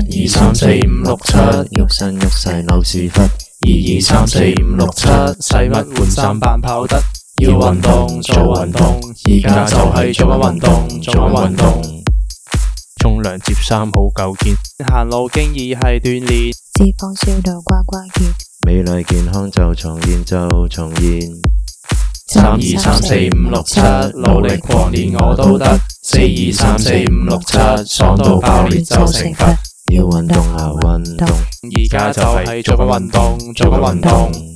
一二三四五六七，郁身郁勢扭屎忽。二二三四五六七，使乜換衫扮跑得？要運動做運動，而家就係做緊運動，做緊運動。沖涼摺衫好夠堅，行路經已係鍛鍊，脂肪燒到呱呱叫，美麗健康就重現就重現。三二三四五六七，努力狂練我都得。四二三四五六七，爽到爆裂就成佛。要運動啊運動，而家就係做緊運動，做緊運動。